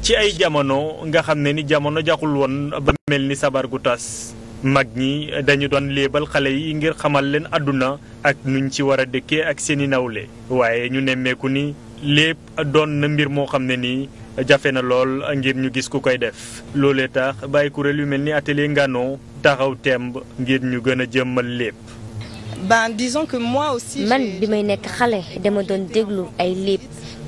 ci ay jamono nga xam ne ni jamono jaxul woon ba mel ni sabar gu tas mag ñi dañu doon léebal xale yi ngir xamal leen àdduna ak nuñ ci war a dëkkee ak seeni nawle waaye ñu nemmeeku ni lépp doon na mbir moo xam ne nii jafe na lool ngir ñu gis ku koy def loolee tax bàyyi kuréel yu mel ni atelier Ngano taxaw temb ngir ñu gën a jëmmal lépp ben disons que moi aussi. man bi may nekk xale dama doon déglu ay léeb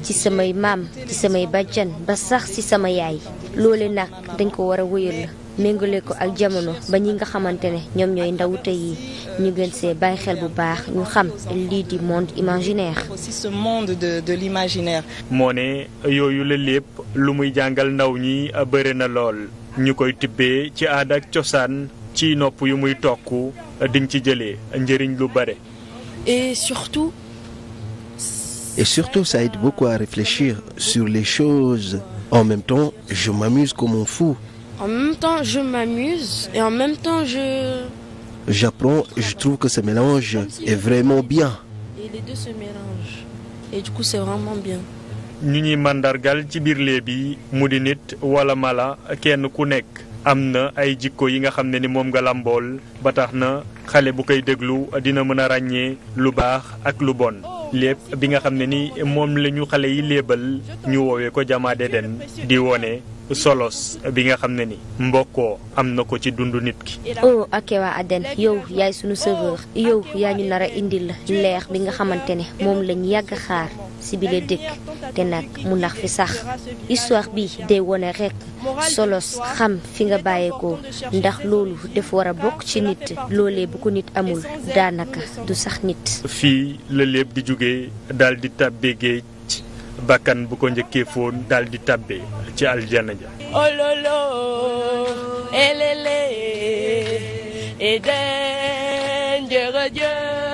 ci samay maam ci samay bàjjan ba sax ci sama yaay loole nag dañ ko war a wéyal la méngale ko ak jamono ba ñi nga xamante ne ñoom ñooy ndaw tey ñu gën see bàyyi xel bu baax ñu xam lii di monde imaginaire. aussi ce de de l'imaginaire. moo ne yooyu la lépp lu muy jàngal ndaw ñi bëri na lool ñu koy tibbee ci aada ak cosaan. ci nopp yu muy tokk diñ ci jëlee njëriñ lu bare. et surtout. et surtout ça aide beaucoup à réfléchir sur les choses en même temps je m'amuse comme un fou. en même temps je m'amuse et en même temps je. j'apprends je trouve que ce mélange est vraiment bien. et du coup c'est vraiment bien. ñu ñuy màndargal ci biir lee bi mu di nit wala mala kenn ku nekk. am na ay jikko yi nga xam ne ni moom nga làmbool ba tax na xale bu koy déglu dina mën a ràññee lu baax ak lu bon lépp bi nga xam ne ni moom la ñu xale yi léebal ñu woowee ko jamaa deden di wone solos bi nga xam ne ni mbokkoo am na ko ci dund nit ki oh ak waa Aden yow yaay sunu sauveur yow yaa ñu nar a indil leer bi nga xamante ne moom lañ yàgg xaar si bile dëkk te nag mu ndax fi sax histoire bi day wone rekk solos xam fi nga bàyyeekoo ndax loolu def war bokk ci nit loolee bu ko nit amul daanaka du sax nit. fii la lépp di jóge daal di tàbbee géej bakkan bu ko njëkkee foon daldi di tàbbee ci aljana ja. ololo